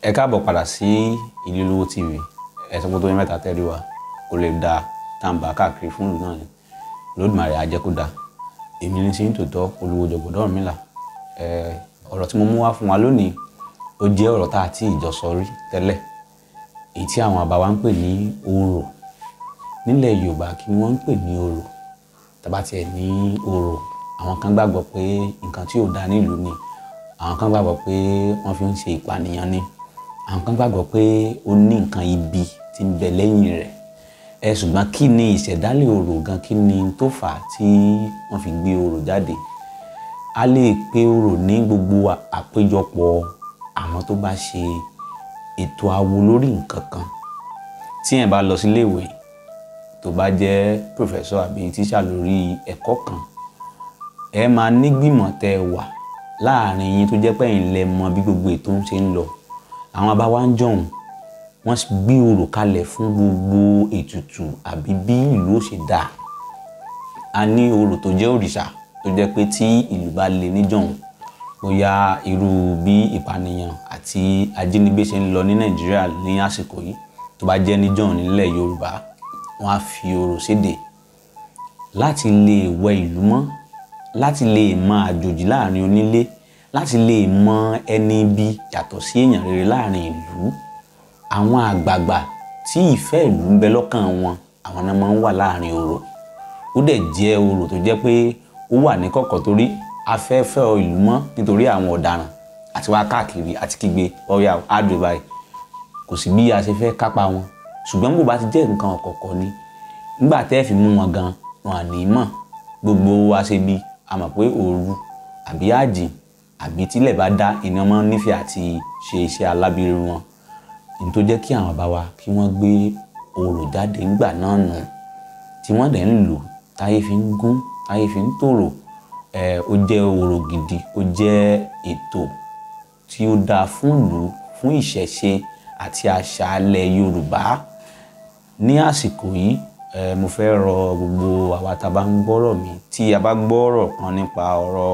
ẹ káàbọ̀ padà sí Ilé Olówó TV ẹ̀sán tó tó yẹn mẹ́ta tẹ́lẹ̀ wa kò lè da tàǹbà káàkiri fún ìlú náà ni lódìmọ̀rẹ́ ajẹ́kúdà èmi ní sí tòótọ́ olówó jọ̀gbọ̀dọ̀ mi là ọ̀rọ̀ tí mo mú wá fún wa lónìí ó jẹ́ ọ̀rọ̀ tá a ti ìjọsọ rí tẹ́lẹ̀ èyí tí àwọn àbá wa ń pè ní orò nílẹ̀ Yorùbá kí wọ́n ń pè ní orò tàbá tiẹ̀ ní orò àwọn kan gbàgbọ́ pé nǹkan tí ò da nílùú ni àwọn kan gbàgbọ́ pé wọ́n fi ń ṣe ìpànìyàn ni àwọn kan gbàgbọ́ pé ó ní nǹkan ibi tí ń bẹ lẹ́yìn rẹ̀ ẹ ṣùgbọ́n kí ni ìṣẹ̀dálẹ̀ orò gan kí ni tó fà á tí wọ́n fi gbé orò jáde a lè pe orò ní gbogbo àpéjọpọ̀ àwọn tó bá ṣe ètò awo lórí nǹkan kan tí ẹ̀ bá lọ sílé ìwé tó bá jẹ́ pòfẹ́sọ̀ àbí tíṣà lórí ẹ̀kọ́ kan ẹ máa nígbìmọ̀ tẹ́ wà láàrin yín tó jẹ́ pé lẹ mọ̀ bí gbogbo ètò ń ṣe ń lọ àwọn baba wa ń jọ̀hún wọ́n gbé orò kalẹ̀ fún gbogbo ètùtù àbí bí ìlú ó ṣe dà a ní orò tó jẹ́ òrìṣà tó jẹ́ pé tí ìlú bá le níjọ̀hún bóyá irú bí ìpànìyàn àti ajínigbé ṣe ń lọ ní nàìjíríà ní àsìkò yìí tó bá jẹ́ níjọ̀hún nílẹ̀ yorùbá wọ́n á fi orò séde láti lè wẹ ìlú mọ́ láti lè mọ àjòjì láàrin onílé láti lè mọ ẹni ibi yàtọ̀ sí èèyàn rere láàrin ìlú àwọn àgbààgbà tí ìfẹ́ ìlú ń bẹ lọ́kàn wọn àwọn náà máa ń wà láàrin orò ó dẹ̀ jẹ́ orò tó jẹ́ pé ó wà ní kọ̀kọ̀ torí afẹ́fẹ́ ìlú mọ́ nítorí àwọn ọ̀daràn àti wá káàkiri àti kígbe ọ̀yà àdùbà kò sí bí a ṣe fẹ́ kápá wọn ṣùgbọ́n bó bá ti jẹ́ nǹkan ọ̀kọ̀ọ̀kọ̀ ni nígbà tẹ́ fi mú wọn gan wọn àní mọ̀ gbogbo wa ṣe bí a mọ̀ pé òru àbí àjìn àbí tílẹ̀ bá dá iná máa ń nífẹ̀ẹ́ àti ṣe iṣẹ́ alábìrì wọn ní tó jẹ́ kí àwọn bá wa kí wọ́n gbé orò jáde ńgbà náà nù tí wọ́n dẹ̀ ń lò táyé fi ń gún táyé fi ń tòrò ẹ̀ ó jẹ́ orò gidi ó jẹ́ ètò tí ó dáa fún ìlú fún ìṣẹ̀ṣe àti àṣà alẹ̀ Yorùbá ní àsìkò yìí ẹ mo fẹ́ rọ gbogbo àwa tá a bá ń gbọ́rọ̀ mi tí a bá gbọ́rọ̀ kan nípa ọ̀rọ̀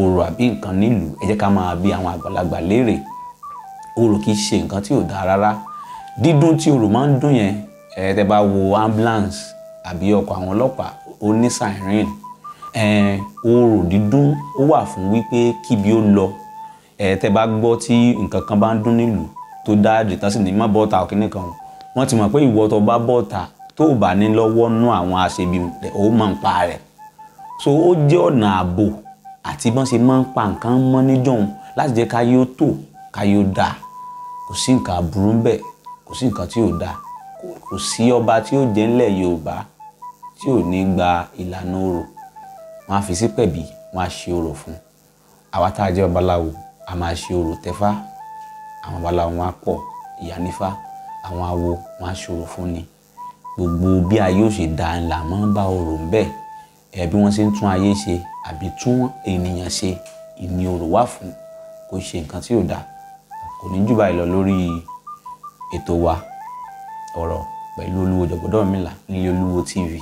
ọ̀rọ̀ àbí nǹkan nílùú ẹ jẹ́ ká máa bi àwọn àgbàlagbà léèrè orò kì í ṣe nǹkan tí ò dáa rárá dídún tí orò máa ń dún yẹn ẹ bá wo ambulance àbí ọkọ̀ àwọn ọlọ́pàá ó ní siren orò dídún ó wà fún wípé kíbi ó lọ ẹ tẹ́ bá gbọ́ tí nǹkan kan bá ń dún nílùú tó dáàdì tán sì ní má kan wọ́n ti mọ̀ pé ìwọ tó bá tó bá ní lọ́wọ́ nú àwọn so ó jẹ́ ọ̀nà àti bọ́n ṣe máa ń pa nǹkan mọ́ níjọ̀hún láti jẹ́ ká yóò tò ká yóò dáa kò sí nǹkan aburú ń bẹ kò sí nǹkan tí ò dáa kò sí ọba tí ó jẹ́ ńlẹ̀ Yorùbá tí ò ní gba ìlànà orò wọn á fi sí pẹ̀bí wọn á ṣe orò fún àwa tá a jẹ́ babaláwo a máa ṣe orò tẹ́fá àwọn babaláwo wọn á pọ̀ ìyá àwọn awo wọn á ṣòro fún ni gbogbo bí a yóò ṣe dá ńlá mọ́ bá orò bẹ́ẹ̀ bí wọ́n ṣe ń tún ayé ṣe àbí tún ènìyàn ṣe ìní orò wà fún kò ṣe nǹkan tí ò dáa kò ní jù báyìí lọ lórí ètò wa ọ̀rọ̀ pẹ̀lú olúwo jọ̀gbọ́dọ̀ mìlá nílé olúwo tv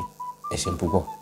ẹ púpọ̀.